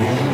Yeah.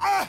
Ah!